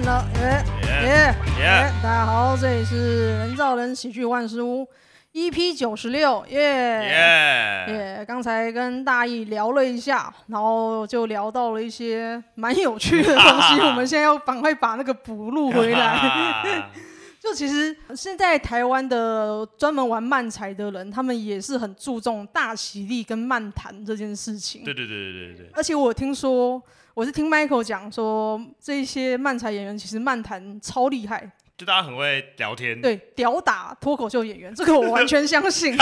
耶耶！大家好，這裡是人造人喜劇萬事屋，EP 九十六，Yeah. 耶耶剛才跟大弋聊了一下，然後就聊到了一些蠻有趣的東西。 我們現在要趕快把那個補錄回來。 就其實現在台灣的專門玩漫才的人，他們也是很注重大喜利跟漫談這件事情。對對對,對對對對。而且我聽說。我是聽 Michael 講說，這些漫才演員其實漫談超厲害，就大家很會聊天。對，屌打脫口秀演員，這個我完全相信，因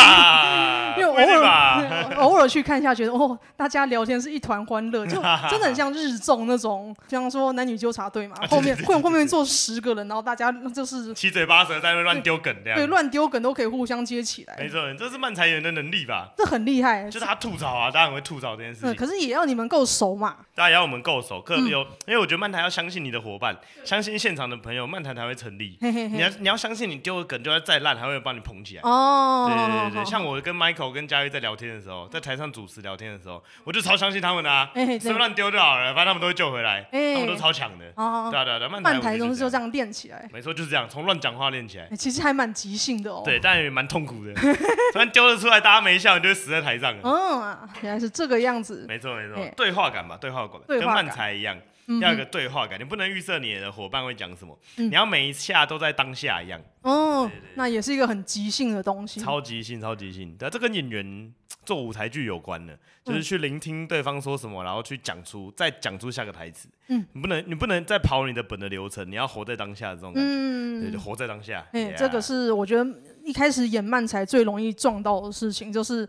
為偶爾偶爾去看一下，覺得哦，大家聊天是一團歡樂，就真的很像日綜那種，比方說男女糾察隊嘛，後面會後面坐十個人，然後大家就是七嘴八舌在那亂丟梗，對，亂丟梗都可以互相接起來，沒錯，這是漫才演員的能力吧？這很厲害，就是他吐槽啊，當然很會吐槽這件事情。可是也要你們夠熟嘛。大家要我們夠手，可能有，因為我覺得漫才要相信你的夥伴，相信現場的朋友，漫才才會成立。你要你要相信，你丟個梗，就算再爛，還會幫你捧起來。哦，對對對，像我跟 Michael、跟嘉玉在聊天的時候，在台上主持聊天的時候，我就超相信他們啊，是不是亂丟就好了，反正他們都會救回來，他們都超強的。哦，對對對，漫才總是就這樣練起來。沒錯，就是這樣，從亂講話練起來。其實還蠻即興的哦。對，但也蠻痛苦的，突然丟了出來，大家沒笑你就死在台上。嗯，原來是這個樣子。沒錯沒錯，對話感吧，對話感。跟漫才一樣，嗯、哼要有一個對話感，你不能預設你的夥伴會講什麼，嗯、你要每一下都在當下一樣。哦，對對對，那也是一個很即興的東西，超即興，超即興。但、啊、這跟演員做舞台劇有關的，嗯、就是去聆聽對方說什麼，然後去講出，再講出下個台詞。嗯，你不能，你不能再跑你的本的流程，你要活在當下這種感覺。嗯，對，就活在當下。嗯、欸，Yeah 這個是我覺得一開始演漫才最容易撞到的事情，就是。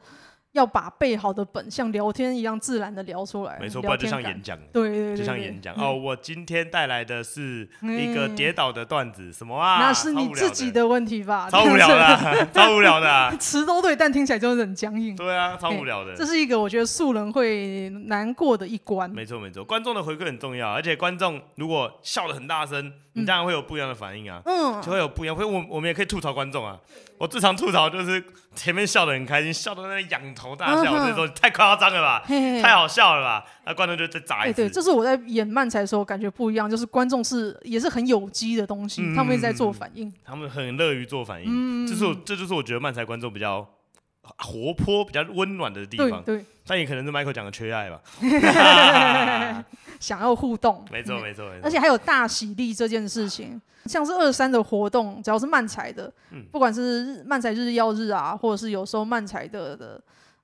要把背好的本像聊天一樣自然的聊出來，沒錯，不然就像演講，對，就像演講。哦，我今天帶來的是一個跌倒的段子，什麼啊？那是你自己的問題吧？超無聊的，超無聊的，詞都對，但聽起來就是很僵硬。對啊，超無聊的。這是一個我覺得素人會難過的一關。沒錯，沒錯，觀眾的回饋很重要，而且觀眾如果笑的很大聲，你當然會有不一樣的反應啊，嗯，就會有不一樣。我我們也可以吐槽觀眾啊。我最常吐槽就是前面笑得很開心，笑到那裡仰頭大笑，啊、我說太誇張了吧，嘿嘿太好笑了吧？那、啊、觀眾就再砸一次。欸、對，這是我在演漫才的時候感覺不一樣，就是觀眾是也是很有機的東西，嗯、他們一直在做反應，他們很樂於做反應。嗯，這是我，這就，就是我覺得漫才觀眾比較。活潑比較溫暖的地方，對，對但也可能是 Michael 講的缺愛吧， 想要互動，沒錯沒錯，而且還有大喜利這件事情，嗯、像是二三的活動，只要是漫才的，嗯、不管是漫才日曜日啊，或者是有時候漫才的的。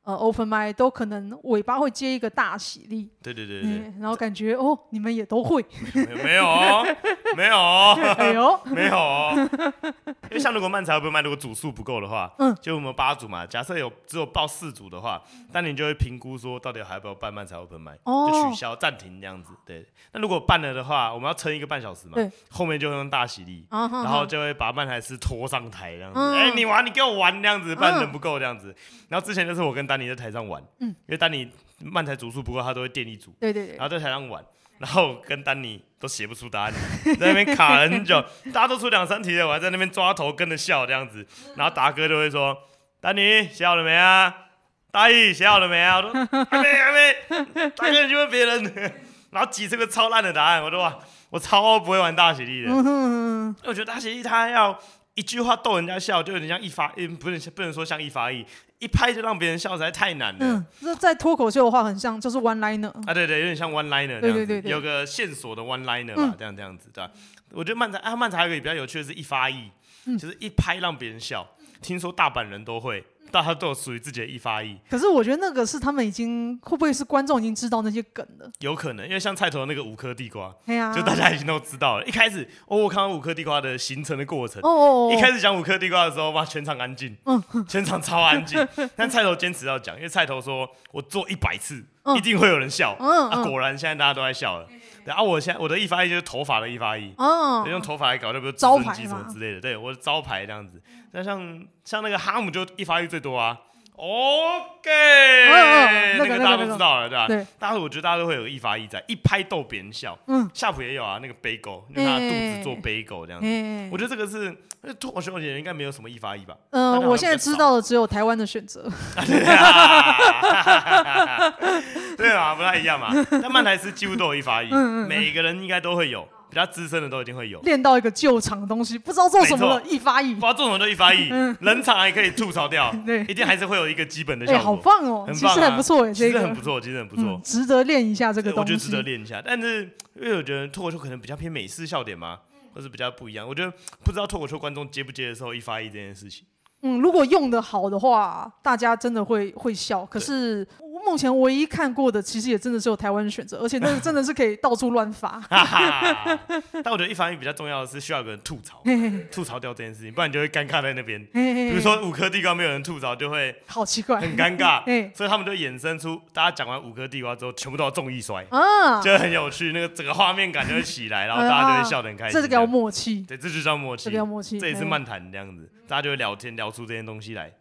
呃，open mic 都可能尾巴會接一個大喜利。對對對對。然後感覺哦，你們也都會。沒有，沒有，沒有，沒有。因為像如果漫才 open mic，如果組數不夠的話，就我們八組嘛，假設有只有報四組的話，那你就會評估說到底還要不要辦漫才 open mic，就取消暫停這樣子。對。那如果辦了的話，我們要撐一個半小時嘛，後面就用大喜利，然後就會把漫才師拖上台這樣子。哎，你玩，你給我玩這樣子，辦人不夠這樣子。然後之前就是我跟大。丹尼在台上玩，嗯、因為丹尼漫才組數不夠，他都會墊一組。對對、對然後在台上玩，然後跟丹尼都寫不出答案， 在那邊卡很久。 大家都出兩三題了，我還在那邊抓頭跟着笑這樣子。然後達哥就會說：“嗯、丹尼寫好了沒啊？大弋寫好了沒啊？我都 還沒還沒。”達哥就問別人，然後擠這個超爛的答案，我都哇，我超不會玩大喜利的。嗯、哼哼我覺得大喜利他要一句話逗人家笑，就有點像一發，音，不能不能說像一發藝。一拍就讓別人笑實在太難了，嗯。那在脫口秀的話，很像就是 one liner 啊，對對，有點像 one liner 這樣，對對對對有個線索的 one liner 吧，嗯、這樣這樣子，對、啊、我覺得漫才，啊，漫才還有一個比較有趣的，是一發藝，嗯、就是一拍讓別人笑。聽說大阪人都會。大家都有屬於自己的一發藝，可是我覺得那個是他們已經會不會是觀眾已經知道那些梗了？有可能，因為像菜頭的那個五顆地瓜，啊、就大家已經都知道了。一開始，我、哦、我看到五顆地瓜的形成的過程，哦，哦，哦，哦一開始講五顆地瓜的時候，哇，全場安靜，嗯，全場超安靜。 但菜頭堅持要講，因為菜頭說，我做一百次。嗯、一定會有人笑，嗯嗯、啊，果然現在大家都在笑了。嗯嗯、對啊，我現在我的一發藝就是頭髮的一發藝、嗯嗯，用頭髮來搞，就不是招牌什麼之類的，對，我招牌這樣子。那、嗯、像像那個哈姆就一發藝最多啊。OK，那個大家都知道了，對吧？大家，我覺得大家都會有一發藝在，一拍逗別人笑。嗯，夏普也有啊，那個背狗拿肚子做背狗這樣子。我覺得這個是，脫口秀演員應該沒有什麼一發藝吧。嗯，我現在知道的只有台灣的選擇。對啊，不太一樣嘛。那漫才師幾乎都有一發藝，每個人應該都會有。比較資深的都已經會有練到一個救場的東西，不知道做什麼一發藝，不知道做什麼就一發藝，冷場還可以吐槽掉，對，一定還是會有一個基本的。哎，好棒哦，其實很不錯，其實很不錯，真的很不錯，值得練一下這個東西。我覺得值得練一下，但是因為我覺得脫口秀可能比較偏美式笑點嘛，或是比較不一樣，我覺得不知道脫口秀觀眾接不接的時候一發藝這件事情。嗯，如果用得好的話，大家真的會會笑，可是。目前唯一看過的，其實也真的是有台灣的選擇，而且那個真的是可以到處亂發。但我覺得一發藝比較重要的是需要有個人吐槽，吐槽掉這件事情，不然你就會尷尬在那邊。比如說五顆地瓜沒有人吐槽，就會好奇怪，很尷尬。所以他們就衍生出，大家講完五顆地瓜之後，全部都要綜藝摔，就很有趣，那個整個畫面感就會起來，然後大家就會笑得很開心。這是比默契，對，這就叫默契，比叫默契，這也是漫談這樣子。大家就會聊天，聊出這些東西來。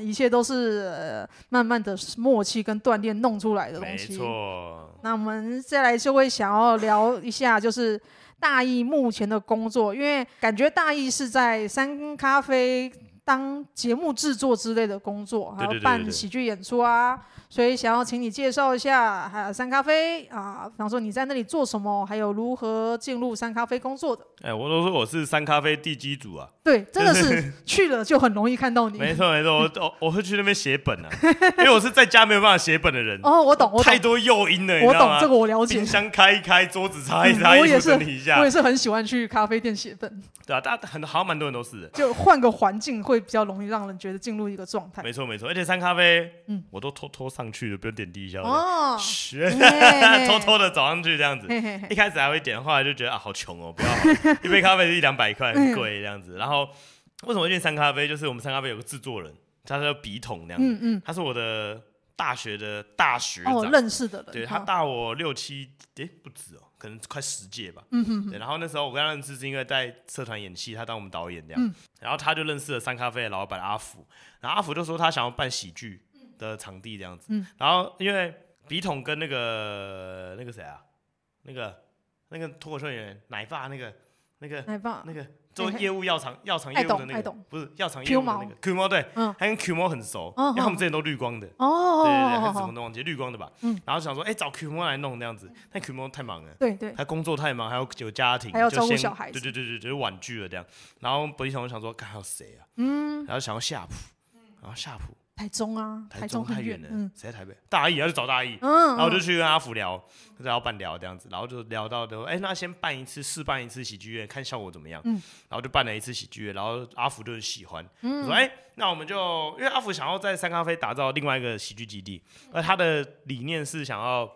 一切都是、呃、慢慢的默契跟鍛鍊弄出來的東西。沒錯，那我們接下來就會想要聊一下，就是大弋目前的工作，因為感覺大弋是在三咖啡，當節目制作之類的工作，還要辦喜劇演出啊，所以想要請你介紹一下，還有三咖啡啊，比方說你在那裡做什麼，還有如何進入三咖啡工作的？哎，我都說我是三咖啡地基組啊。對，真的是去了就很容易看到你。沒錯沒錯，我我會去那邊寫本啊，因為我是在家沒有辦法寫本的人。哦，我懂，我懂。太多誘因了，我懂這個我了解。冰箱開一開，桌子擦一擦，我也是，我也是很喜歡去咖啡店寫本。對啊，大家很好像蠻多人都是，就換個環境會比較容易讓人覺得進入一個狀態，沒錯沒錯，而且三咖啡，嗯、我都偷偷上去了，不用點滴一下，偷偷的走上去這樣子，嘿嘿嘿，一開始還會點，後來就覺得啊，好窮哦，喔，不要好 一杯咖啡是一兩百塊，很貴這樣子。嗯、然後為什麼因為三咖啡，就是我們三咖啡有個製作人，他叫筆筒，那樣子，他、嗯嗯、是我的。大學的大學長、哦、我認識的人，對，他大我六七，誒、欸、不止哦、喔，可能快十屆吧。嗯哼，哼，對，然後那時候我跟他認識是因為在社團演戲，他當我們導演這樣，嗯、然後他就認識了三咖啡的老闆阿福，然後阿福就說他想要辦喜劇的場地這樣子，嗯嗯、然後因為筆筒跟那個那個誰啊，那個那個脫口秀演員奶爸那個那個奶爸那個。那個爸做業務藥廠，藥廠業務的那個，不是藥廠業務那個，Q 貓，對，他跟 Q 貓很熟，因為他們之前都綠光的，對，對，對，哦，什麼都忘記，就綠光的吧，然後想說，哎，找 Q 貓來弄這樣子，但 Q 貓太忙了，對對，他工作太忙，還有有家庭，還要照顧小孩，對對對對，就婉拒了這樣，然後本想想說，看還有誰啊，嗯，然後想說夏普，然後夏普。台中啊，台中太遠了遠。嗯，誰在台北？大弋，要去找大弋，嗯，然後我就去跟阿福聊，就要辦聊這樣子，然後就聊到就，的哎，那先辦一次，試辦一次喜劇院，看效果怎麼樣？嗯，然後就辦了一次喜劇院，然後阿福就是喜歡，嗯，哎，那我們就，因為阿福想要在三咖啡打造另外一個喜劇基地，那他的理念是想要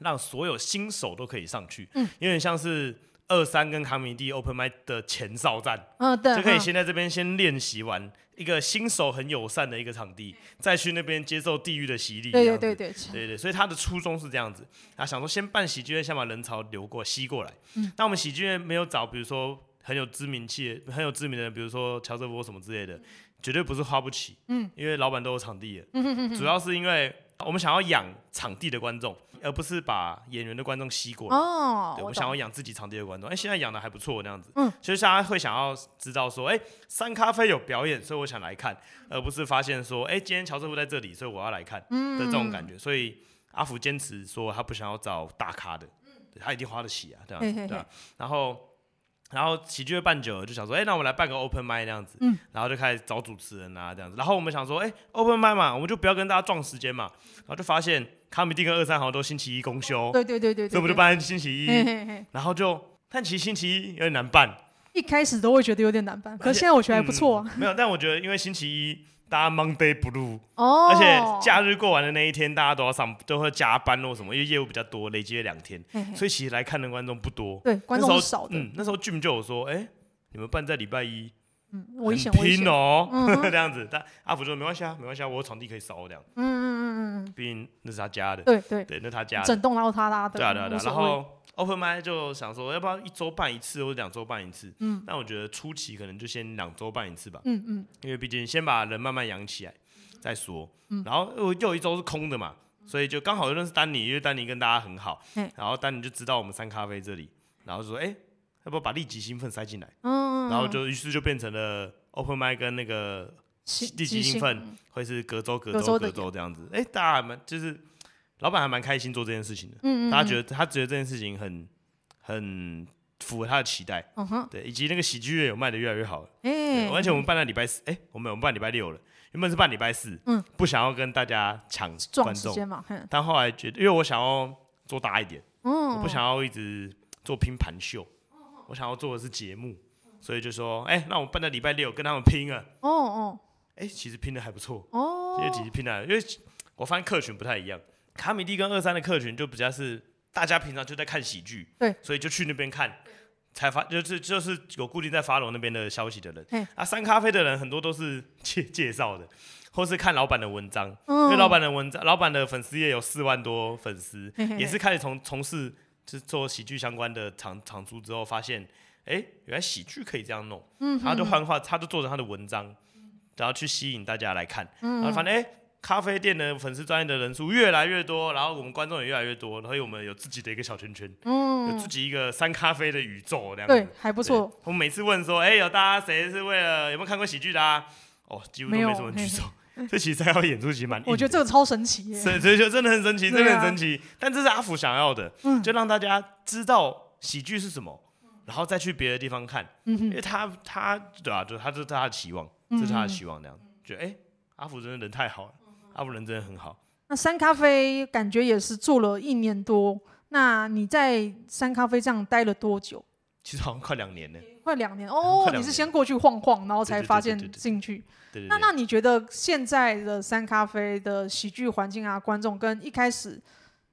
讓所有新手都可以上去，嗯，有點像是二三跟卡米地、Open Mic 的前哨站，嗯，對，就可以先在這邊先練習完。嗯一個新手很友善的一個場地，再去那邊接受地獄的洗禮。對，對對對，對，對，對，所以他的初衷是這樣子，他想說先辦喜劇院，先把人潮流過吸過來。那、嗯、我們喜劇院沒有找，比如說很有知名氣、很有知名的人，比如說喬澤波什麼之類的，嗯、絕對不是花不起。嗯，因為老闆都有場地。嗯哼哼哼，主要是因為。我們想要養場地的觀眾，而不是把演員的觀眾吸過來。哦對，我們想要養自己場地的觀眾。哎、欸，現在養得還不錯，那樣子。其實所以大家會想要知道說，哎、欸，三咖啡有表演，所以我想來看，而不是發現說，哎、欸，今天喬師傅在這裡，所以我要來看、嗯、的這種感覺。所以阿福堅持說，他不想要找大咖的，他一定花得起啊，對啊，嘿嘿嘿對啊，然後。然後喜劇會辦久了，就想說，哎，那我們來辦個 open mic 那樣子，然後就開始找主持人啊，這樣子。然後我們想說，哎，open mic 嘛，我們就不要跟大家撞時間嘛。然後就發現，卡米丁跟二三好像都星期一公休，對對對對對，所以我們就辦星期一。然後就，但其實星期一有點難辦，一開始都會覺得有點難辦，可是現在我覺得還不錯。啊。沒有，但我覺得因為星期一，大家 Monday Blue，、oh、而且假日過完的那一天，大家都要上，都會加班咯什麼，因為業務比較多，累積了兩天，嘿嘿所以其實來看的觀眾不多，對觀眾少的，那時候嗯，那時候 Jun 就有說，誒、欸，你們辦在禮拜一。我嗯，很拼哦，這樣子。但阿福說沒關係啊，沒關係，我場地可以燒這樣。嗯嗯嗯嗯，畢竟那是他家的。對對，那是他家，整棟都是他家的。對啊對啊，然後 Open Mic 就想說，要不要一週辦一次，或者兩週辦一次？嗯，但我覺得初期可能就先兩週辦一次吧。嗯嗯，因為畢竟先把人慢慢養起來再說。然後又又一週是空的嘛，所以就剛好認識丹尼，因為丹尼跟大家很好，然後丹尼就知道我們三咖啡這裡，然後說，哎。要不要把立即興奮塞進來？嗯嗯嗯，然後就於是就變成了 open mic 跟那個立即興奮，會是隔周隔周隔周這樣子。嗯嗯嗯嗯嗯哎，大家蠻就是老闆還蠻開心做這件事情的。嗯，大家覺得他覺得這件事情很很符合他的期待。對，以及那個喜劇樂也賣得越來越好了。哎，而且我們辦了禮拜四，哎、欸，我們我們辦禮拜六了。原本是辦禮拜四，不想要跟大家搶觀眾時、嗯、但後來覺得因為我想要做大一點，嗯、我不想要一直做拼盤秀。我想要做的是節目，所以就說，哎、欸，那我辦到禮拜六跟他們拼啊。哦哦。哎，其實拼的還不錯。哦。因為其實拼的，因為我發現客群不太一樣。卡米地跟二三的客群就比較是大家平常就在看喜劇。對。所以就去那邊看，才發就是就是有固定在 follow 那邊的消息的人。對 Hey。啊，三咖啡的人很多都是介介紹的，或是看老板的文章，嗯、因為老板的文章，老板的粉絲也有四萬多粉絲，嘿嘿嘿也是開始從從事。是做喜劇相關的場場出之後，發現，哎、欸，原來喜劇可以這樣弄。嗯哼，他就幻化，他就做成他的文章，然後去吸引大家來看。嗯，嗯，然後反正哎、欸，咖啡店的粉絲專業的人數越來越多，然後我們觀眾也越來越多，然後我們有自己的一個小圈圈，嗯，有自己一個三咖啡的宇宙。這樣對，還不錯。我們每次問說，哎、欸，有大家誰是為了有沒有看過喜劇的啊？哦，幾乎都沒什麼舉手。嘿嘿這其實還要演出，其實蠻。我覺得這個超神奇耶！所以這就真的很神奇，真的很神奇。對啊，但這是阿福想要的，就讓大家知道喜劇是什麼，嗯、然後再去別的地方看。嗯、哼 因為他，他，他對吧，啊？就他這，就是他的期望，這，就是他的希望。那樣，覺得哎，阿福真的人太好了，嗯、哼 阿福人真的很好。那三咖啡感覺也是做了一年多，那你在三咖啡這樣待了多久？其實好像快兩年呢、欸，快兩年哦！快兩年哦你是先過去晃晃，哦、然後才發現進去。對那對對對對對那你覺得現在的三咖啡的喜劇環境啊，觀眾跟一開始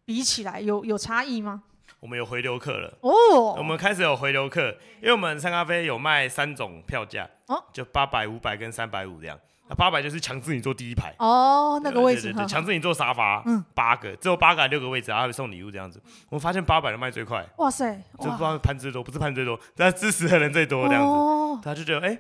比起來有有差異嗎？我們有回流客了哦，我們開始有回流客，因為我們三咖啡有賣三種票價，啊、就八百、五百跟三百五這樣。八百就是強制你坐第一排哦，那個位置，對，強制你坐沙發，嗯，八個，只有八個還六個位置，然後送禮物這樣子。我發現八百的賣最快，哇塞，就不知道盤最多，不是盤最多，但支持的人最多這樣子，他就覺得哎，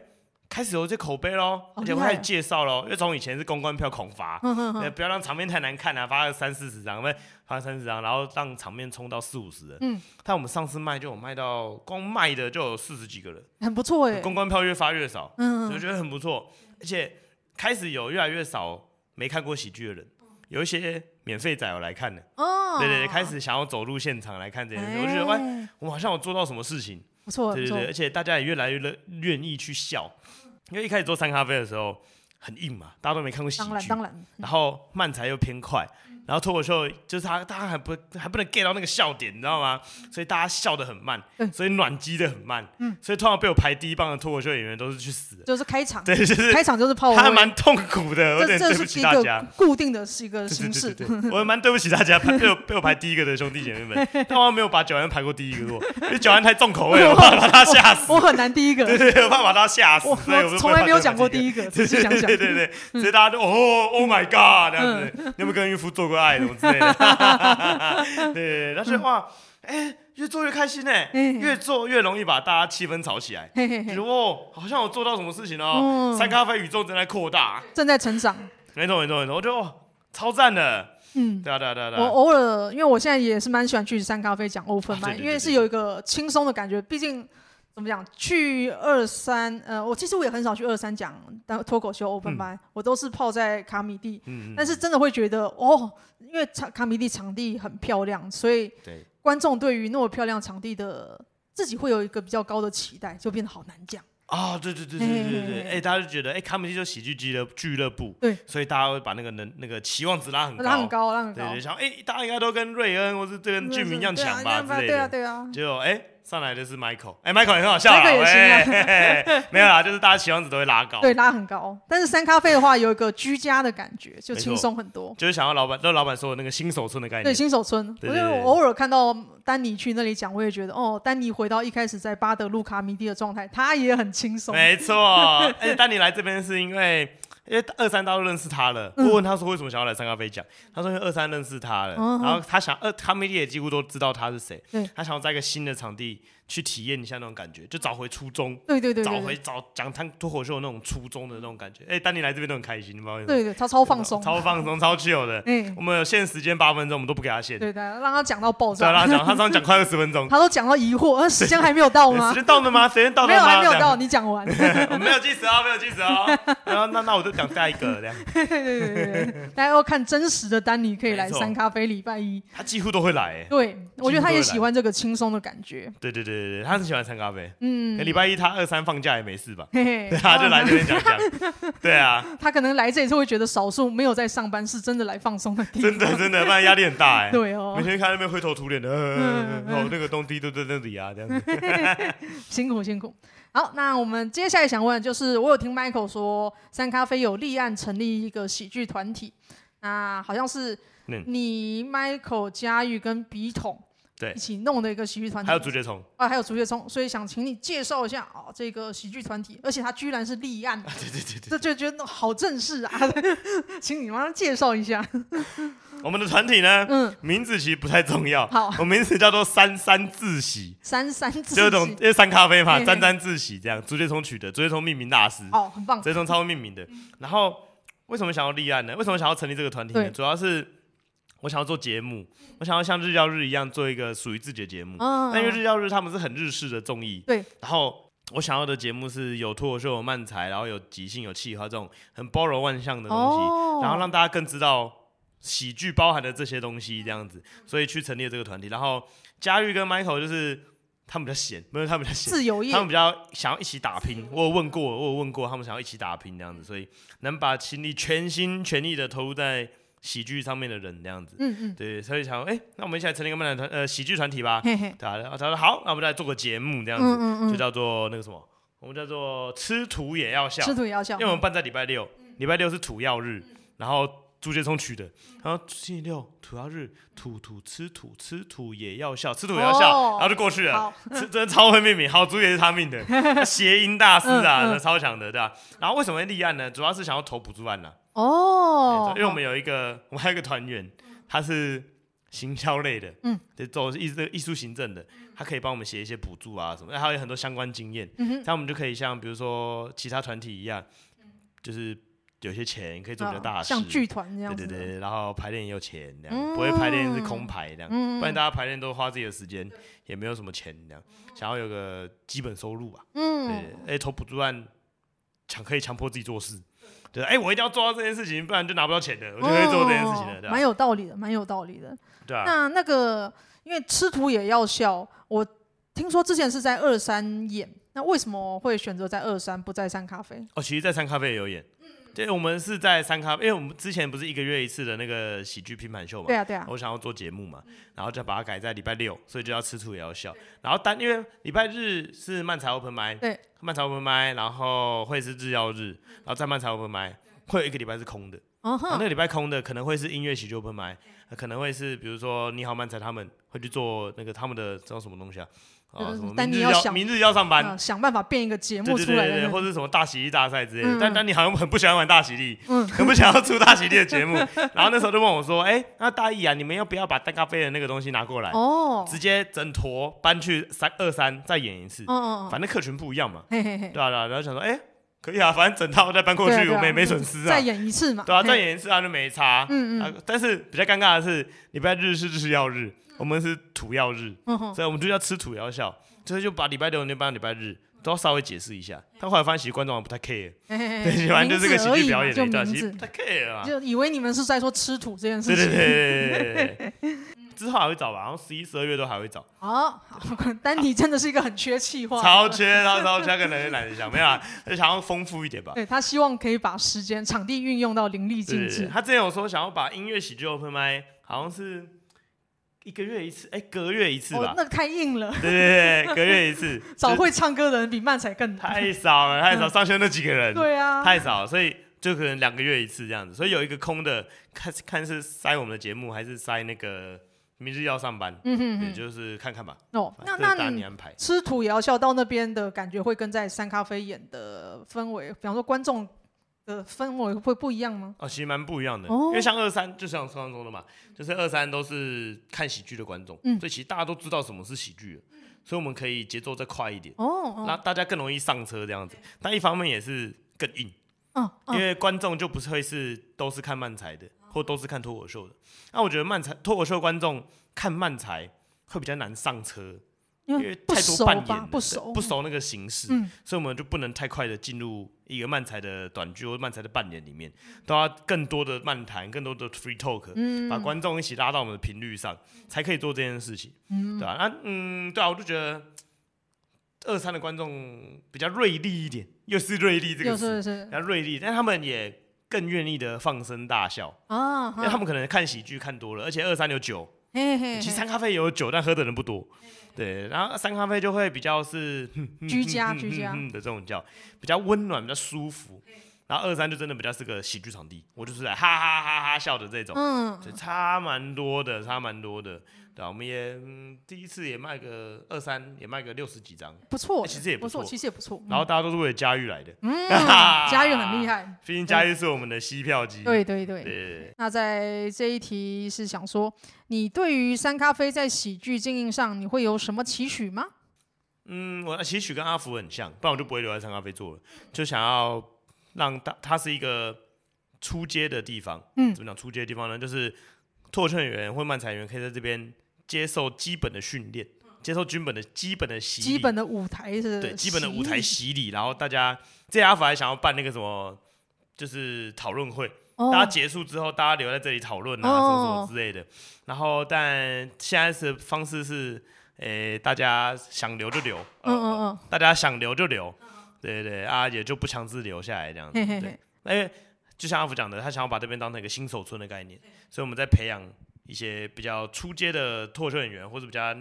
開始有些口碑嘍，而且我開始介紹囉，因為從以前是公關票恐罰，嗯嗯，不要讓場面太難看啊，發個三四十張，因為發三十張，然後讓場面衝到四五十人，嗯，但我們上次賣就有賣到，光賣的就有四十幾個人，很不錯哎，公關票越發越少，嗯，就覺得很不錯，而且。開始有越來越少沒看過喜劇的人，有一些免費仔我來看的，哦、對對對，開始想要走入現場來看這些，欸、我覺得，餵，我好像有做到什麼事情，不錯，對對對，而且大家也越來越願意去笑，嗯、因為一開始做三咖啡的時候很硬嘛，大家都沒看過喜劇，當然，然後漫才又偏快。嗯嗯然後脫口秀就是他，他還不還不能 get 到那個笑點，你知道嗎？所以大家笑得很慢，所以暖機的很慢，所以通常被我排第一棒的脫口秀演員都是去死，就是開場，對，就是開場就是拋。他還蠻痛苦的，這這是第一個固定的是一個形式，我也蠻對不起大家，被被我排第一個的兄弟姐妹們，但我沒有把九安排過第一個過，因為九安太重口味了，我怕把他嚇死，我很難第一個，對對，我怕把他嚇死，從來沒有講過第一個，只是想想，對對對，所以大家都哦，Oh my God 這樣子，你有沒有跟孕婦做過？ 對，但是、嗯、哇、欸，越做越開心哎、欸，嘿嘿越做越容易把大家氣氛炒起來。如果嘿、哦、好像我做到什麼事情哦？嗯、三咖啡宇宙正在擴大，正在成長。沒，沒錯沒錯沒錯，我就超讚的。嗯對、啊，對啊對啊對啊。對啊，我偶爾因為我現在也是蠻喜歡去三咖啡講 open 嘛，因為是有一個輕鬆的感覺，畢竟。怎麼講？去二三，3，呃，我其實我也很少去二三講，但脫口秀 open mic、嗯，我都是泡在卡米地。嗯嗯、但是真的會覺得哦，因為卡卡米地場地很漂亮，所以對觀眾對於那麼漂亮場地的自己會有一個比較高的期待，就變得好難講啊、哦！對對對、欸、對對對，哎、欸，大家就覺得哎、欸，卡米地就喜劇俱樂俱樂部，部對，所以大家會把那個能那個期望值拉很高，拉很高，拉高對，對，對，想哎、欸，大家應該都跟瑞恩或者這邊俊民一樣強吧之類的對啊對啊，就哎。欸上來的是 Michael，哎、欸、Michael 也很好笑啦，哎，沒有啦，就是大家喜歡子都會拉高，對，拉很高。但是三咖啡的話，有一個居家的感覺，就輕鬆很多。就是想要老板，就老板說的那個新手村的概念，對，新手村。對對對，我覺得我偶爾看到丹尼去那裡講，我也覺得哦，丹尼回到一開始在巴德路卡米蒂的狀態，他也很輕鬆。沒錯，是、欸、丹尼來這邊是因為。因為二三都認識他了，我問他說為什麼想要來三咖啡講，他說因為二三認識他了，然後他想二他們也幾乎都知道他是誰，他想要在一個新的場地去體驗一下那種感覺，就找回初衷，對對，找回找講台脫口秀那種初衷的那種感覺。哎，丹你來這邊都很開心，對對，超超放鬆，超放鬆，超 chill 的。嗯，我們有限時間八分鐘，我們都不給他限，對的，讓他講到爆炸，讓他講，他這樣講快二十分鐘，他都講到疑惑，時間還沒有到嗎？時間到了嗎？時間到了嗎？沒有，還沒有到，你講完，我沒有計時啊，沒有計時啊，然後那那我就。想帶一個這樣，對對對對對，大家要看真實的丹尼，可以來三咖啡禮拜一。他幾乎都會來。對，我覺得他也喜歡這個輕鬆的感覺。對對對對，他很喜歡三咖啡。嗯，禮拜一他二三放假也沒事吧？對，他就來這邊講講。對啊，他可能來這裡就會覺得少數沒有在上班，是真的來放鬆的。真的真的，不然壓力很大哎。對哦，每天看那邊灰頭土臉的，然後那個東西都在那裡啊，這樣子。辛苦辛苦。好，那我們接下來想問，就是我有聽 Michael 說，三咖啡有立案成立一個喜劇團體，那好像是你 Michael 嘉玉對跟筆筒對一起弄的一個喜劇團體，還有竹節蟲啊，還有竹節蟲，所以想請你介紹一下哦，這個喜劇團體，而且他居然是立案的、啊，對對對對，這就覺得好正式啊， 請你幫他介紹一下。我們的團體呢，名字其實不太重要。我名字叫做“三三自喜”，三三自喜就是一種，因為“三咖啡”嘛，沾沾自喜這樣。直接從取得，直接從命名大師，哦，很棒。直接從超會命名的。然後為什麼想要立案呢？為什麼想要成立這個團體呢？主要是我想要做節目，我想要像日曜日一樣做一個屬於自己的節目。嗯。那因為日曜日他們是很日式的綜藝。對。然後我想要的節目是有脫口秀、有漫才，然後有即興、有氣花這種很包容萬象的東西，然後讓大家更知道。喜劇包含的這些東西，這樣子，所以去成立這個團體。然後佳玉跟 Michael 就是他們比較閒，沒有他們比較閒，他們比較想要一起打拼。我有問過，我有問過他們想要一起打拼這樣子，所以能把精力全心全意的投入在喜劇上面的人這樣子。嗯嗯。對，所以想說，哎，那我們一起來成立一個漫展團，呃，喜劇團體吧。嘿嘿。他，他說好，那我們再做個節目這樣子，就叫做那個什麼，我們叫做吃土也要笑。吃土也要笑，因為我們辦在禮拜六，禮拜六是土曜日，然後。竹節蟲取的，然後星期六土曜日土土吃土吃土也要笑，吃土也要笑，oh, 然後就過去了、oh.。真的超會命名，好竹弋也是他命的，諧 音大師啊， 嗯嗯、超強的對吧、啊？然後為什麼會立案呢？主要是想要投補助案啊。哦、oh, 欸，因為我們有一個，oh. 我們還有一個團員，他是行銷類的，嗯，走藝藝藝術行政的，mm. 他可以幫我們寫一些補助啊什麼，然後還有很多相關經驗，後、mm hmm. 我們就可以像比如說其他團體一樣，就是。有些錢可以做點大事，像劇團這樣對對對，然後排練也有錢，不會排練是空排，這樣不然大家排練都花自己的時間，也沒有什麼錢，這樣想要有個基本收入吧。嗯，對對對，哎，投補助案強可以強迫自己做事。對，哎，我一定要做到這件事情，不然就拿不到錢的，我就可以做這件事情的。蠻有道理的，蠻有道理的。對啊。那那個因為吃土也要笑，我聽說之前是在二三演，那為什麼會選擇在二三不在三咖啡？哦，其實在三咖啡也有演。對，我們是在三咖，因為我們之前不是一個月一次的那個喜劇拼盤秀嘛。對啊，對啊，對啊。我想要做節目嘛，然後就把它改在禮拜六，所以就要吃土也曜笑。對然後單，因為禮拜日是漫才 open 麥，對，漫才 open 麥，然後會是日曜日，然後再漫才 open 麥對，會有一個禮拜是空的。哦、uh。Huh、那禮拜空的可能會是音樂喜劇 open 麥、呃，可能會是比如說你好漫才他們會去做那個他們的這種什麼東西啊。但你要明日，要上班，想辦法變一個節目出來，或者什麼大喜利大賽之類的。但但你好像很不喜歡玩大喜利，嗯，很不想要出大喜利的節目。然後那時候就問我說：“哎，那大弋啊，你們要不要把帶咖啡的那個東西拿過來？哦，直接整坨搬去三二三再演一次？嗯嗯，反正客群不一樣嘛。對啊對啊，然後想說，哎，可以啊，反正整套再搬過去，我們也沒損失啊。再演一次嘛？對啊，再演一次，那就沒差。嗯嗯。但是比較尷尬的是，你不要日是就是要日。我們是土曜日，嗯、哼所以我們就叫吃土也曜笑。所以就把禮拜六、禮拜日都要稍微解釋一下。他後來發現觀眾還不太 care，反正，欸欸欸、就這個喜劇表演就比較不太 care 了，就以為你們是在說吃土這件事情。之後還會找吧，然後十一、十二月都還會找。好，單體真的是一個很缺企劃，超缺，啊，然超超缺，可能懶得想，沒有啊，就想要豐富一點吧。對，他希望可以把時間、場地運用到淋漓盡致。他之前有說想要把音樂喜劇 open mic，好像是。一個月一次，哎、欸，隔月一次吧？哦、那個，太硬了。對對，對隔月一次。 早會唱歌的人比漫才更就太少了，太少，嗯、上學那幾個人。對啊。太少，所以就可能兩個月一次這樣子。所以有一個空的，看看是塞我們的節目，還是塞那個明日要上班，嗯哼，哼，也就是看看吧。哦，對那那你安排吃土也曜笑到那邊的感覺，會跟在三咖啡演的氛圍，比方說觀眾的氛圍會不一樣嗎哦，其實蠻不一樣的，哦、因為像二三就像我剛剛說的嘛，就是二三都是看喜劇的觀眾，嗯、所以其實大家都知道什麼是喜劇，所以我們可以節奏再快一點，哦，那、哦、大家更容易上車這樣子。但一方面也是更硬，哦哦、因為觀眾就不是會是都是看漫才的，或都是看脫口秀的。那、嗯啊、我覺得漫才脫口秀的觀眾看漫才會比較難上車。因為太多扮演，不熟不熟，不熟那個形式，嗯、所以我們就不能太快的進入一個漫才的短劇或漫才的扮演裡面，都要更多的漫談，更多的 free talk、嗯、把觀眾一起拉到我們的頻率上，才可以做這件事情，嗯、對啊，那嗯，對啊，我就覺得二三的觀眾比較銳利一點，又是銳利這個是，是是又是，銳利，但他們也更願意的放聲大笑，啊、因為他們可能看喜劇看多了，而且二三有酒。Hey, hey, hey, 其實三咖啡有酒，但喝的人不多。Hey, hey, hey, 對，然後三咖啡就會比較是居家居家的這種叫，居家，比較溫暖、比較舒服。Hey. 然後二三就真的比較是個喜劇場地，我就是在哈哈哈哈笑的這種。嗯，差蠻多的，差蠻多的。然後我們也、嗯、第一次也賣個二三，也賣個六十幾張，不錯、欸，其實也不錯，其實也不錯。嗯、然後大家都是為了嘉玉來的，嗯，嘉玉 很厲害，畢竟嘉玉是我們的吸票機。對，對對對。對對對。那在這一題是想說，你對於三咖啡在喜劇經營上，你會有什麼期許嗎？嗯，我期許跟阿福很像，不然我就不會留在三咖啡做了，就想要讓大它是一個出街的地方。嗯，怎麼講出街的地方呢？就是拓客員或漫才員可以在這邊。接受基本的訓練，接受軍本的基本的洗禮，基本的舞台是對基本的舞台洗禮。洗禮。然後大家，這阿福還想要辦那個什麼，就是討論會。哦、大家結束之後，大家留在這裡討論啊，哦、什麼什麼之類的。然後，但現在是方式是，誒、欸，大家想留就留，呃、嗯嗯嗯，大家想留就留，嗯嗯對對、對啊，也就不強制留下來這樣子。嘿嘿嘿、對，因為就像阿福講的，他想要把這邊當成一個新手村的概念，所以我們在培養。一些比較初階的脫口秀演員，或者比較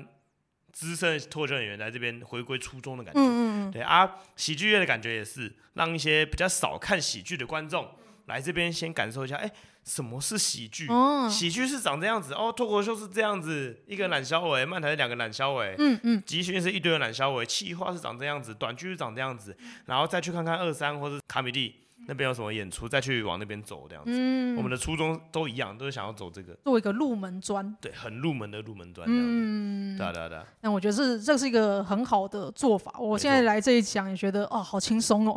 資深脫口秀演員來這邊回歸初衷的感覺，嗯嗯對啊，喜劇院的感覺也是讓一些比較少看喜劇的觀眾來這邊先感受一下，哎、欸，什麼是喜劇？哦、喜劇是長這樣子哦，脫口秀是這樣子，一個懶小偉，漫台是兩個懶小偉，嗯嗯集訓是一堆的懶小偉，企劃是長這樣子，短劇是長這樣子，然後再去看看二三或者卡米蒂。」那邊有什麼演出，再去往那邊走，這樣子。我們的初衷都一樣，都是想要走這個，做一個入門磚，對，很入門的入門磚。這樣子。對對對。那我覺得是這是一個很好的做法。我現在來這一講也覺得哦，好輕鬆哦，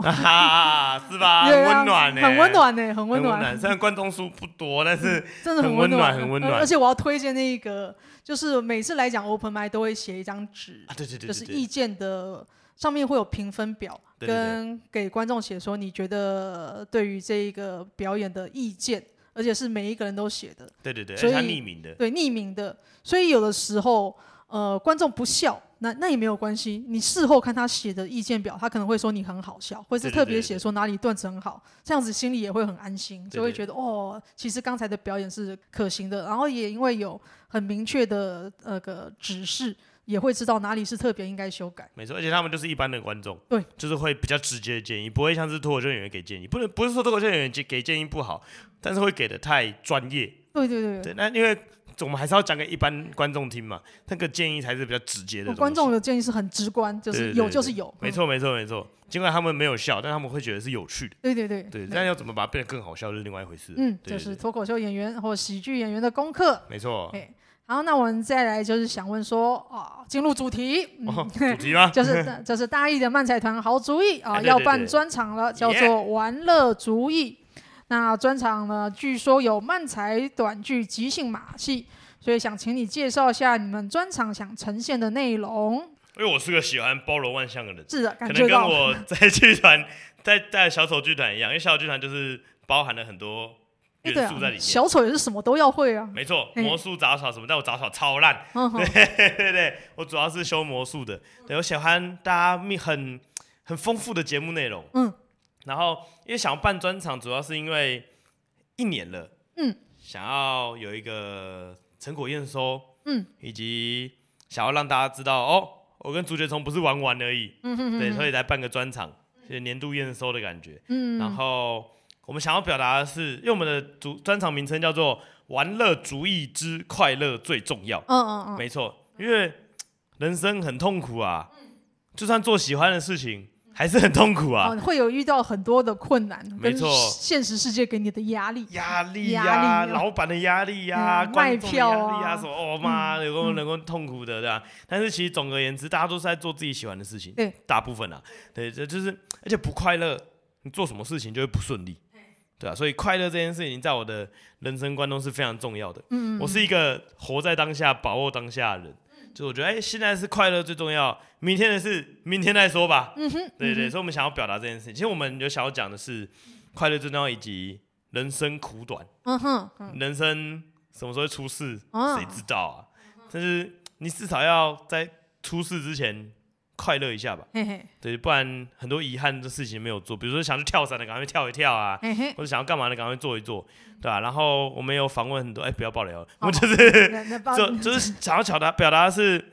是吧？很溫暖，呢，很溫暖呢，很溫暖。雖然觀眾數不多，但是真的很溫暖，很溫暖。而且我要推薦那一個，就是每次來講 open mic 都會寫一張紙啊，對對，就是意見的。上面會有評分表，跟給觀眾寫說你覺得對於這一個表演的意見，而且是每一個人都寫的，對對對，所以他匿名的，對匿名的，所以有的時候，呃，觀眾不笑，那那也沒有關係，你事後看他寫的意見表，他可能會說你很好笑，或是特別寫說哪裡段子很好，這樣子心裡也會很安心，就會覺得哦，其實剛才的表演是可行的，然後也因為有很明確的那個指示。也會知道哪裡是特別應該修改。沒錯，而且他們就是一般的觀眾，對，就是會比較直接的建議，不會像是脫口秀演員給建議。不能不是說脫口秀演員給給建議不好，但是會給得太專業。對對對對，那因為我們還是要講給一般觀眾聽嘛，那個建議才是比較直接的。觀眾的建議是很直觀，就是有就是有。沒錯沒錯沒錯，儘管他們沒有笑，但他們會覺得是有趣的。對對對對，但要怎麼把它變得更好笑，是另外一回事。嗯，就是脫口秀演員或喜劇演員的功課。沒錯。好，那我們再來就是想問說，啊，進入主題，哦嗯、主題嗎？就是 就是大弋的漫才團好竹弋啊，哎、要辦專場了，對對對，叫做玩樂竹弋。Yeah 那專場呢，據說有漫才短劇、即興馬戲，所以想請你介紹一下你們專場想呈現的內容。因為我是個喜歡包羅萬象的人，是的，感覺到可能跟我在劇團在帶小丑劇團一樣，因為小丑劇團就是包含了很多。人欸啊、小丑也是什麼都要會啊。沒錯，魔術雜耍什麼，欸、但我雜耍超爛、嗯哼。對，對，對我主要是修魔術的，嗯、對我喜歡大家密很很豐富的節目內容。嗯、然後因為想要辦專場，主要是因為一年了，嗯、想要有一個成果驗收，嗯、以及想要讓大家知道哦，我跟竹節蟲不是玩玩而已，嗯，哼嗯，哼嗯哼對，所以來辦個專場，就是、年度驗收的感覺。嗯，嗯，然後。我們想要表達的是，用我們的主專場名稱叫做“玩樂竹弋之快樂最重要”嗯。嗯嗯嗯，沒錯，因為人生很痛苦啊，嗯、就算做喜歡的事情，還是很痛苦啊，嗯、會有遇到很多的困難。沒錯，現實世界給你的壓力，壓力啊，壓力啊老闆的壓力呀，賣票壓力啊什麼，哦媽、嗯，能夠能夠痛苦的對吧、啊？但是其實總而言之，大家都是在做自己喜歡的事情，對，大部分啊，對，這就是，而且不快樂，你做什麼事情就會不順利。對啊，所以快樂這件事情在我的人生觀中是非常重要的。嗯，我是一個活在當下、把握當下的人。就就我覺得，哎，現在是快樂最重要，明天的事明天再說吧嗯。嗯哼，對對，所以我們想要表達這件事情。其實我們就想要講的是，快樂最重要以及人生苦短。嗯哼，嗯人生什麼時候會出事，哦、誰知道啊？但是你至少要在出事之前。快樂一下吧，嘿嘿對，不然很多遺憾的事情沒有做，比如說想去跳傘的，趕快跳一跳啊，嘿嘿或者想要幹嘛的，趕快做一做，對吧，啊？然後我們也有訪問很多，哎、欸，不要爆料，哦、我們就是就就是想要表達表達的是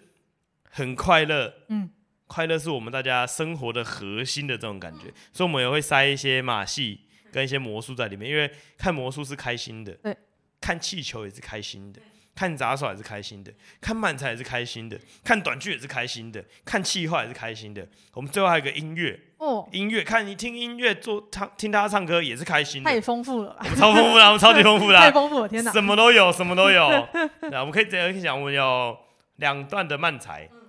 很快樂，嗯、快樂是我們大家生活的核心的這種感覺，嗯、所以我們也會塞一些馬戲跟一些魔術在裡面，因為看魔術是開心的，對看氣球也是開心的。看雜耍也是開心的，看漫才也是開心的，看短劇也是開心的，看氣候也,也是開心的。我們最後還有個音樂、oh. 音樂看你聽音樂做唱聽他唱歌也是開心的。太豐富了， 超豐富了，我 是超級豐富了，太豐富了，天哪，什麼都有，什麼都有。那 我們可以這樣去講，我們有兩段的漫才，嗯、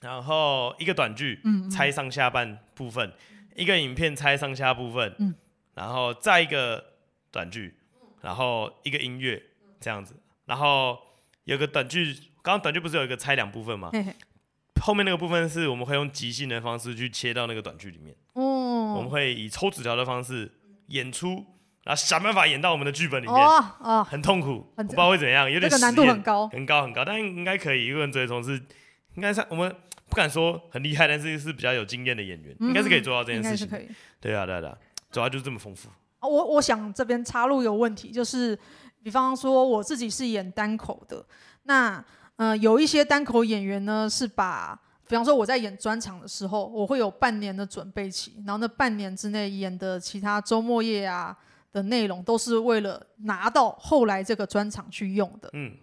然後一個短劇，嗯,嗯，拆上下半部分，一個影片拆上下部分，嗯，然後再一個短劇，然後一個音樂、嗯、這樣子，然後。有個短劇，剛剛短劇不是有一個拆兩部分嗎？嘿嘿後面那個部分是我們會用即興的方式去切到那個短劇裡面。哦、嗯，我們會以抽紙條的方式演出，然後想辦法演到我們的劇本裡面。哇、哦哦、很痛苦，很不知道會怎樣，有點、嗯、這個難度很高很高很高，但應該可以。因為這一種是應該是我們不敢說很厲害，但是是比較有經驗的演員，嗯、哼應該是可以做到這件事情。應該可以，對啊，對啊對啊，主要就是這麼豐富。我我想這邊插入有問題，就是。比方說我自己是演單口的，那嗯、呃，有一些單口演員呢是把，比方說我在演專場的時候，我會有半年的準備期，然後那半年之內演的其他週末夜啊的內容，都是為了拿到後來這個專場去用的。嗯，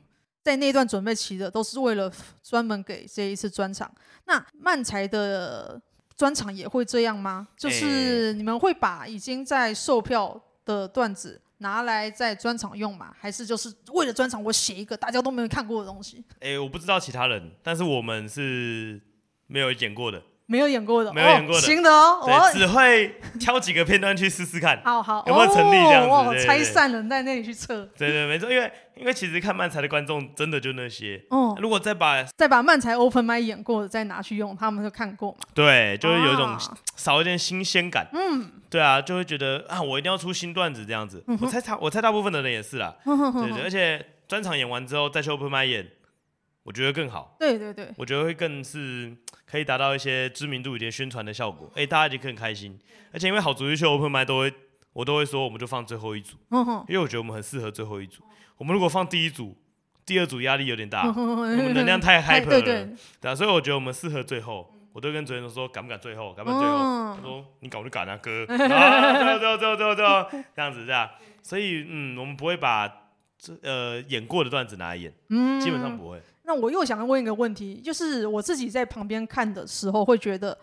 在那段準備期的都是為了專門給這一次專場。那漫才的專場也會這樣嗎？就是你們會把已經在售票的段子拿來在專場用嘛？還是就是為了專場，我寫一個大家都沒有看過的東西？誒、欸，我不知道其他人，但是我們是沒有演過的。沒有演過的，沒有演過的，行的哦。我只會挑幾個片段去試試看，好好有沒有成立這樣子，拆散了在那裡去測，對對沒錯。因為因為其實看漫才的觀眾真的就那些，嗯。如果再把再把漫才 Open Mic 演過的再拿去用，他們就看過嘛。對，就會有一種少一點新鮮感。嗯，對啊，就會覺得啊，我一定要出新段子這樣子。我猜他，我猜大部分的人也是啦。對對，而且專場演完之後再去 Open Mic 演，我覺得更好。對對對，我覺得會更是。可以達到一些知名度、以及宣傳的效果，哎、欸，大家就更開心。而且因為好主意秀，open 麥都會，我都會說，我們就放最後一組，哦、吼因為我覺得我們很適合最後一組。我們如果放第一組、第二組，壓力有點大，哦、吼我們能量太 hyper 了，哎、對啊，所以我覺得我們適合最後。我都會跟主持人說，敢不敢最後？敢不敢最後？哦、他說，你敢就敢，敢啊，哥 啊，最後、最後、最後、最後、最後，這樣子這樣。所以，嗯，我們不會把這呃演過的段子拿來演，嗯、基本上不會。那我又想問一個問題，就是我自己在旁邊看的時候，會覺得，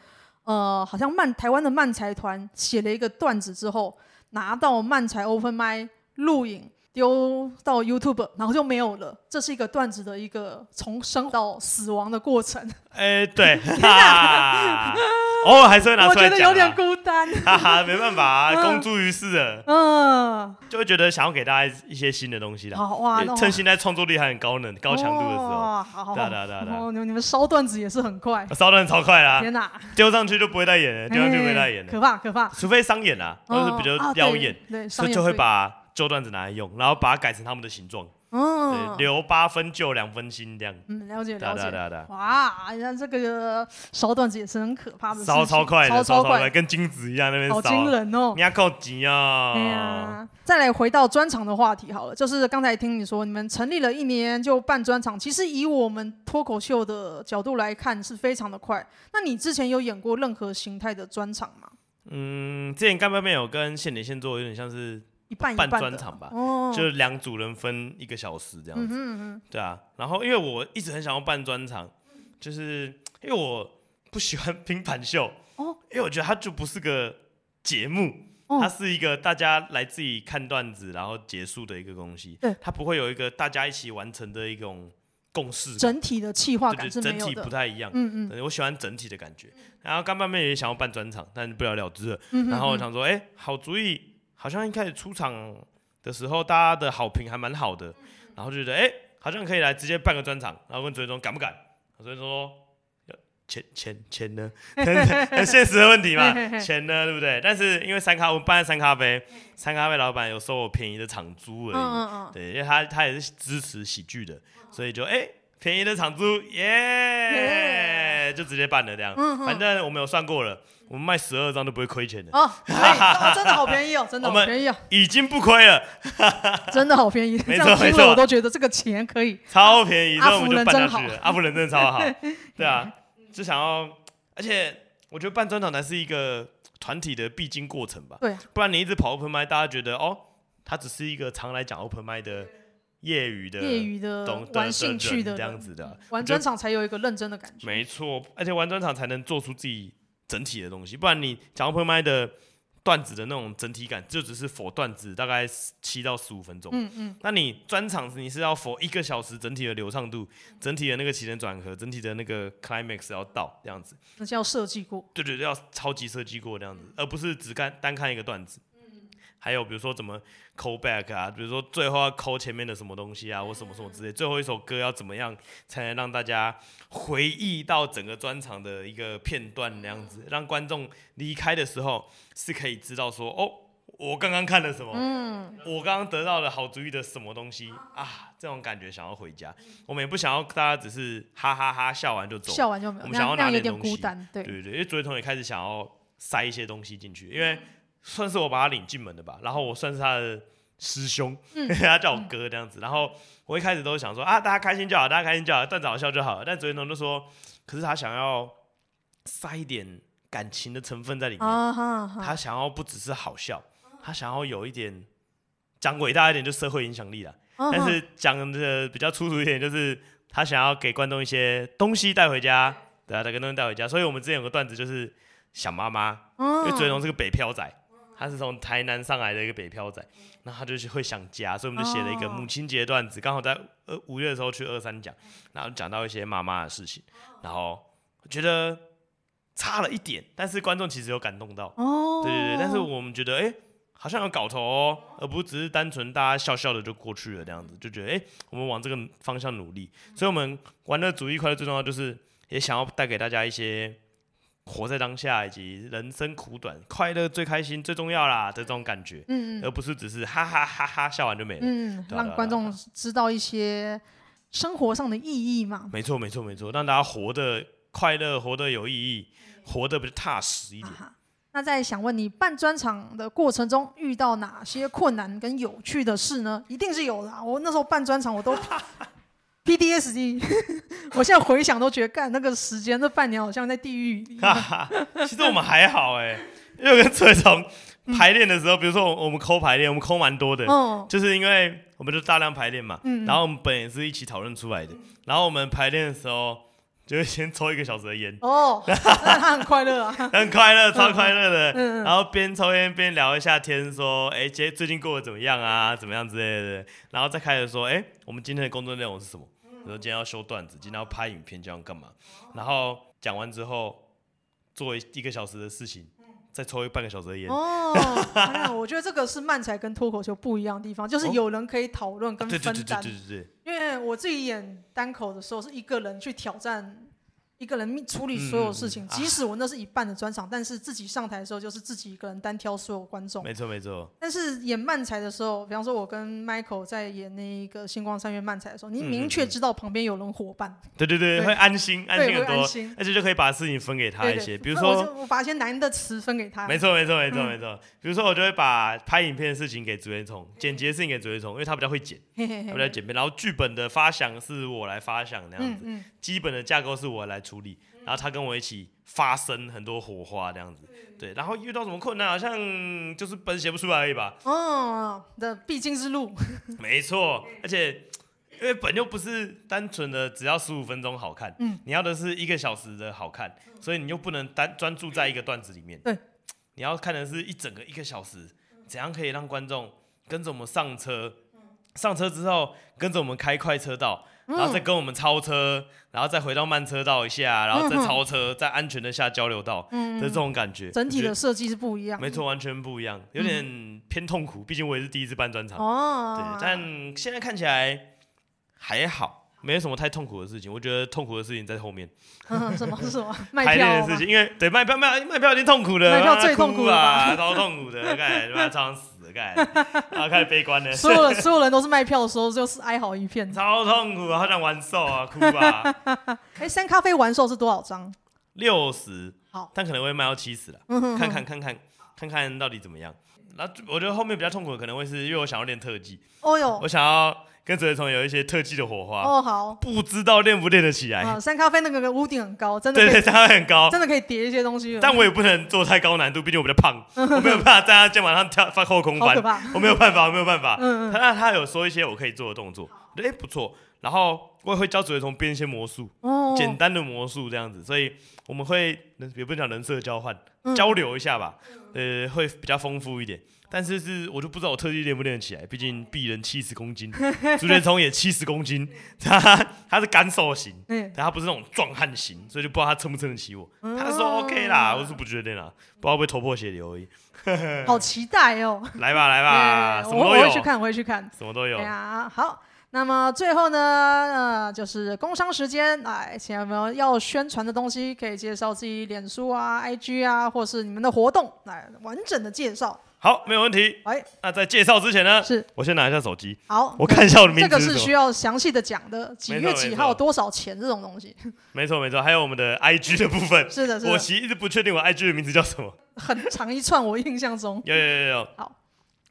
呃，好像漫台灣的漫才團寫了一個段子之後，拿到漫才 open mic 錄影，丟到 YouTube，然後就沒有了。這是一個段子的一個從生到死亡的過程。哎，對，天哪，偶爾還是會拿出來講。我覺得有點孤單。哈哈，沒辦法，公諸於世了。嗯，就會覺得想要給大家一些新的東西了。好哇，趁現在創作力還很高能、高強度的時候。哇，好好。對對，你們燒段子也是很快。燒段子超快啦。天哪，丟上去就不會再演了，丟上去不會再演了，可怕可怕。除非上演了，或是比較吊演，所以就會把。舊段子拿來用，然後把它改成他們的形狀，嗯，對，留八分舊，兩分新這樣。嗯，了解了解。哇，你看這個燒段子也是很可怕的，超燒超快，超超快，超快跟金子一樣那邊、啊、好驚人哦！你要靠急啊。對啊。再來回到專場的話題好了，就是剛才聽你說你們成立了一年就辦專場，其實以我們脫口秀的角度來看是非常的快。那你之前有演過任何形態的專場嗎？嗯，之前剛剛沒有跟現點現做有點像是。辦專場吧，就是兩組人分一個小時這樣子。嗯嗯對啊，然後因為我一直很想要辦專場，就是因為我不喜歡拼盤秀。哦。因為我覺得它就不是個節目，它是一個大家來自己看段子，然後結束的一個東西。對。它不會有一個大家一起完成的一種共識，整體的企劃感是沒有的。整體不太一樣。嗯嗯。我喜歡整體的感覺。然後剛妹妹也想要辦專場，但不了了之了。嗯，然後我想說，哎，好主意。好像一開始出場的時候，大家的好評還蠻好的，然後就覺得，哎、欸，好像可以來直接辦個專場。然後問周杰倫敢不敢？周杰倫說：錢錢錢呢？很 很現實的問題嘛， 錢呢，對不對？但是因為三咖，我們辦了三咖啡，三咖啡老闆有收我便宜的場租而已。嗯嗯嗯對，因為他他也是支持喜劇的，所以就哎。欸便宜的場租，耶，就直接辦了這樣。反正我們有算過了，我們賣十二張都不會虧錢的。哦，可以，真的好便宜哦，真的好便宜哦，已經不虧了。真的好便宜，沒錯了，我都覺得這個錢可以超便宜。阿福人真好，然後我們就辦下去了，阿福人真超好。對啊，就想要，而且我覺得辦專場才是一個團體的必經過程吧。不然你一直跑 open 麥，大家覺得哦，他只是一個常來講 open 麥的。業餘的、業餘的、懂的 玩興趣的這樣子的、嗯，玩專場才有一個認真的感覺。沒錯，而且玩專場才能做出自己整體的東西，嗯嗯，不然你講 open mic 的段子的那種整體感，就只是否段子，大概七到十五分鐘。嗯嗯，那你專場你是要否一個小時，整體的流暢度、整體的那個起承轉合、整體的那個 climax 要到這樣子，那就要設計過。對對對，要超級設計過這樣子，而不是只看單看一個段子。還有比如說怎麼 callback 啊，比如說最後要 call 前面的什麼東西啊，或什麼什麼之類的，最後一首歌要怎麼樣才能讓大家回憶到整個專場的一個片段那樣子，讓觀眾離開的時候是可以知道說，哦，我剛剛看了什麼，嗯，我剛剛得到了好主意的什麼東西啊，這種感覺想要回家，嗯、我們也不想要大家只是哈哈哈，哈笑完就走，笑完就沒我們想要拿一點東西，孤單對，對對對，因為卓偉彤也開始想要塞一些東西進去，嗯、因為。算是我把他領進門的吧，然後我算是他的師兄，嗯、 他叫我哥這樣子。嗯、然後我一開始都想說啊，大家開心就好，大家開心就好，段子好笑就好了。但周杰倫就說，可是他想要塞一點感情的成分在裡面，哦哦哦、他想要不只是好笑，哦、他想要有一點講偉大一點就社會影響力了。哦、但是講的比較粗俗一點，就是他想要給觀眾一些東西帶回家，對啊，給觀眾帶回家。所以我們之前有個段子就是想媽媽，媽媽哦、因為周杰倫是個北漂仔。他是從台南上來的一個北漂仔，那他就是會想家，所以我們就寫了一個母親節段子，剛、oh. 好在呃五月的時候去二三講，然後講到一些媽媽的事情，然後覺得差了一點，但是觀眾其實有感動到，哦，oh. 對對對，但是我們覺得哎、欸、好像有搞頭哦，而不只是單純大家笑笑的就過去了這樣子，就覺得哎、欸、我們往這個方向努力，所以我們玩樂竹弋之快樂最重要就是也想要帶給大家一些。活在當下，以及人生苦短，快樂最開心最重要啦的這種感覺，嗯，而不是只是哈哈哈哈笑，笑，笑完就沒了。嗯，讓觀眾知道一些生活上的意義嘛。沒錯，沒錯，沒錯，讓大家活得快樂，活得有意義，活得比較踏實一點。啊，那在想問你辦專場的過程中遇到哪些困難跟有趣的事呢？一定是有的，啊。我那時候辦專場，我都。怕。PTSD， 我現在回想都覺得，幹 那個時間那半年好像在地獄。 其實我們還好哎， 因為跟崔從排練的時候，比如說我們摳排練，我們摳蠻多的，嗯、就是因為我們就大量排練嘛，嗯嗯然後我們本也是一起討論出來的，嗯、然後我們排練的時候。就會先抽一個小時的煙哦，那他，oh, 很快樂啊， 很快樂，超快樂的。 然後邊抽煙邊聊一下天，說，哎、欸，今天最近過得怎麼樣啊？怎麼樣之類的。然後再開始說，哎、欸，我們今天的工作內容是什麼？比如、嗯、今天要修段子，今天要拍影片，這樣幹嘛？嗯、然後講完之後，做一個小時的事情，再抽一個半個小時的煙。哦、oh, 哎，我覺得這個是漫才跟脫口秀不一樣的地方，就是有人可以討論跟分擔。哦啊，對，對，對，對對對對對。我自己演單口的時候，是一個人去挑戰。一個人處理所有事情，即使我那是一半的專場，但是自己上台的時候就是自己一個人單挑所有觀眾。沒錯沒錯。但是演漫才的時候，比方說我跟 Michael 在演那一個《星光三月》漫才的時候，你明確知道旁邊有人伙伴。對對對，會安心，安心很多，而且就可以把事情分給他一些。比如說，我把一些難的詞分給他。沒錯沒錯沒錯沒錯。比如說，我就會把拍影片的事情給朱元寵，剪輯的事情給朱元寵，因為他比較會剪，他比較簡便。然後劇本的發想是我來發想那樣子，嗯，基本的架構是我來出。處理，然後他跟我一起發生很多火花這樣子，對，然後遇到什麼困難，好像就是本寫不出來而已吧，嗯，的必經之路， 沒錯，而且因為本又不是單純的只要十五分鐘好看，嗯，你要的是一個小時的好看，所以你又不能單專注在一個段子裡面，對，你要看的是一整個一個小時，怎樣可以讓觀眾跟着我們上車，上車之後跟着我們開快車道。然後再跟我們超車，嗯、然後再回到慢車道一下，然後再超車，再、嗯、哼安全的下交流道，就、嗯、是這種感覺。整體的設計是不一樣，沒錯，完全不一樣，嗯、有點偏痛苦。畢竟我也是第一次辦專場，哦、對，但現在看起來還好。沒什麼太痛苦的事情，我覺得痛苦的事情在後面。什麼什麼賣票的事情？因為對，賣票賣賣票已經痛苦了，賣票最痛苦了，超痛苦的，開始他死了，開始，然後開始悲觀的。所有所有人都是賣票的時候就是哀嚎一片，超痛苦，好想完售啊，哭吧。哎，三咖啡完售是多少張？六十。好，但可能會賣到七十了。嗯，看看看看看看到底怎麼樣。那我覺得後面比較痛苦的可能會是，因為我想要練特技。哦呦，我想要。跟澤一有一些特技的火花哦，好，不知道練不練得起來。三咖啡那個屋頂很高，真的對，三咖啡很高，真的可以疊一些東西。但我也不能做太高難度，畢竟我比較胖，我沒有辦法在他肩膀上跳翻後空翻，我沒有辦法，我沒有辦法。嗯，那他有說一些我可以做的動作，我覺得哎不錯。然後我也會教主一從變一些魔術，哦，簡單的魔術這樣子，所以我們會別不講人設交換，交流一下吧，呃，會比較豐富一點。但是是我就不知道我特地練不練得起來，畢竟鄙人七十公斤，竹連聰也七十公斤，他他是乾瘦型，欸、但他不是那種壯漢型，所以就不知道他撐不撐得起我。嗯、他說 OK 啦，我是不覺得啦，嗯、不知道會不會頭破血流而已。呵呵好期待哦、喔！來吧來吧，欸、什麼都有。我會去看我會去看，去看什麼都有、啊。好，那麼最後呢，呃，就是工商時間，來，請問有沒有，要宣傳的東西，可以介紹自己臉書啊、IG 啊，或是你們的活動，來完整的介紹。好，沒有問題。哎，那在介紹之前呢，是，我先拿一下手機。好，我看一下我的名字。這個是需要詳細的講的，幾月幾號，多少錢這種東西。沒錯沒錯，還有我們的 I G 的部分。是的，我其實一直不確定我 I G 的名字叫什麼。很長一串，我印象中。有有有有。好，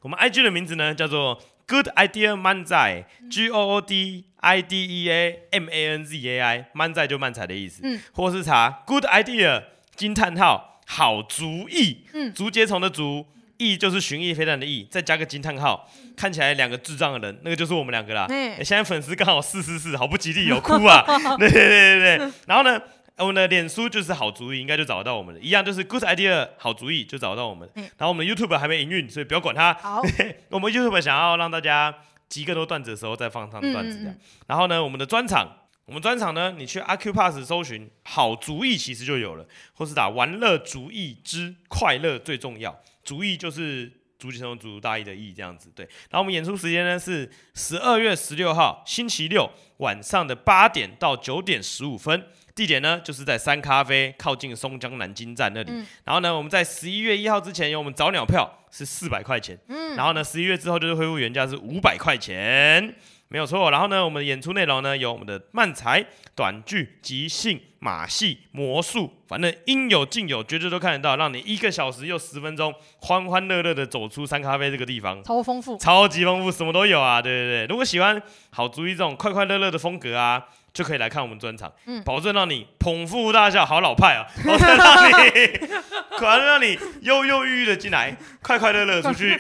我們 I G 的名字呢，叫做 Good Idea Manzai。G O O D I D E A M A N Z A I，Manzai 就漫才的意思。嗯。或是查 Good Idea，驚嘆號，好竹弋。嗯。竹節蟲的竹。意就是尋意非常的意，再加個驚嘆號，看起來兩個智障的人，那個就是我們兩個啦。對欸、現在粉絲剛好四四四，好不吉利、哦，有哭啊！ 對對對對對。 然後呢，呃、我們的臉書就是好竹弋，應該就找得到我們了。一樣就是 good idea 好竹弋就找得到我們。對然後我們的 YouTube 還沒營運，所以不要管它。好 我們 YouTube 想要讓大家集更多段子的時候，再放上段子。嗯嗯嗯，然後呢，我們的專場，我們專場呢，你去 Accupass 搜尋“好竹弋”，其實就有了，或是打“玩樂竹弋之快樂最重要”。竹弋就是竹前頭竹大弋的弋，這樣子，對。然後我們演出時間呢，是十二月十六號星期六晚上的八點到九點十五分，地點呢就是在三咖啡靠近松江南京站那裡。嗯、然後呢，我們在十一月一號之前有我們早鳥票是四百塊錢，然後呢十一月之後就是恢復原價是五百塊錢。沒有錯，然後呢，我們的演出內容呢有我們的漫才、短劇、即興、馬戲、魔術，反正應有盡有，絕對都看得到，讓你一個小時又十分鐘歡歡樂樂的走出三咖啡這個地方。超豐富，超級豐富，什麼都有啊，對對對。如果喜歡好竹弋這種快快樂樂的風格啊，就可以來看我們專場，嗯、保證讓你捧腹大笑，好老派啊！保證讓你， 保證讓你憂憂鬱鬱的進來， 快快樂樂出去，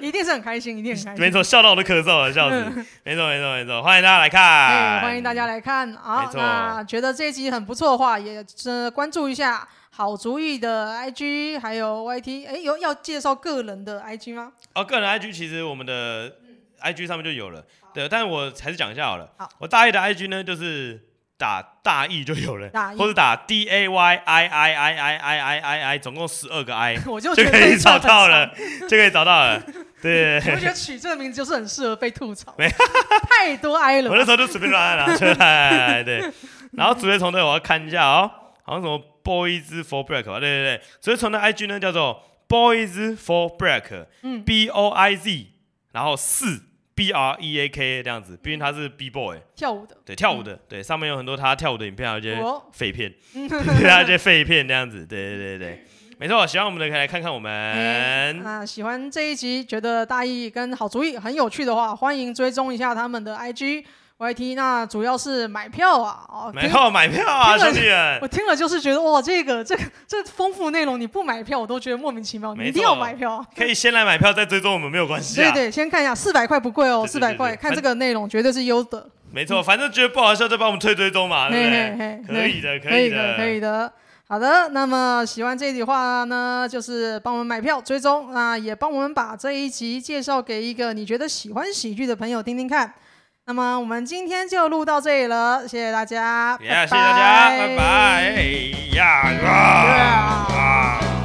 一定是很開心，一定很開心。沒錯，笑到我都咳嗽了，笑死！嗯、沒錯，沒錯，沒錯，歡迎大家來看，對歡迎大家來看啊！錯那覺得這一集很不錯的話，也、呃、關注一下好竹弋的 IG 還有 YT、欸。哎，有要介紹個人的 IG 嗎？哦，個人 IG 其實我們的 IG 上面就有了。對，但是我還是講一下好了。好，我大弋的 I G 呢，就是打大弋就有了，一或者打 D A Y I I I I I I I，i 總共十二個 I， 我就覺得就可以找到了， 就可以找到了。 對，對，對，我覺得取這個名字就是很適合被吐槽，沒 太多 I 了。我那時候就隨便亂按，對。然後主頁從頭我要看一下哦，好像什麼 Boys for Break 吧？對對對，所以從頭 I G 呢叫做 Boys for Break，B、嗯、O I Z，然後四。B R E A K 這樣子，畢竟他是 B boy、嗯、跳舞的，對，跳舞的，嗯、對，上面有很多他跳舞的影片，而且廢片，對、哦， 他一些廢片這樣子，對，對，對，對，沒錯，喜歡我們的可以來看看我們、欸。那喜歡這一集，覺得大弋跟好竹弋很有趣的話，歡迎追蹤一下他們的 I G。YT 那主要是買票啊，哦，買票買票啊，兄弟們！我聽了就是覺得哇，這個這個這豐富內容你不買票我都覺得莫名其妙，你一定要買票。可以先來買票再追蹤我們沒有關係啊。對對，先看一下四百塊不貴哦，四百塊看這個內容絕對是優的。沒錯，反正覺得不好笑就幫我們退追蹤嘛，嘿嘿嘿，可以的，可以的，可以的。好的，那麼喜歡這一集的話呢，就是幫我們買票追蹤，那也幫我們把這一集介紹給一個你覺得喜歡喜劇的朋友聽聽看。那麼我們今天就錄到這裡了，謝謝大家，yeah, 拜拜，謝謝大家，拜拜。Yeah, yeah, yeah. Yeah.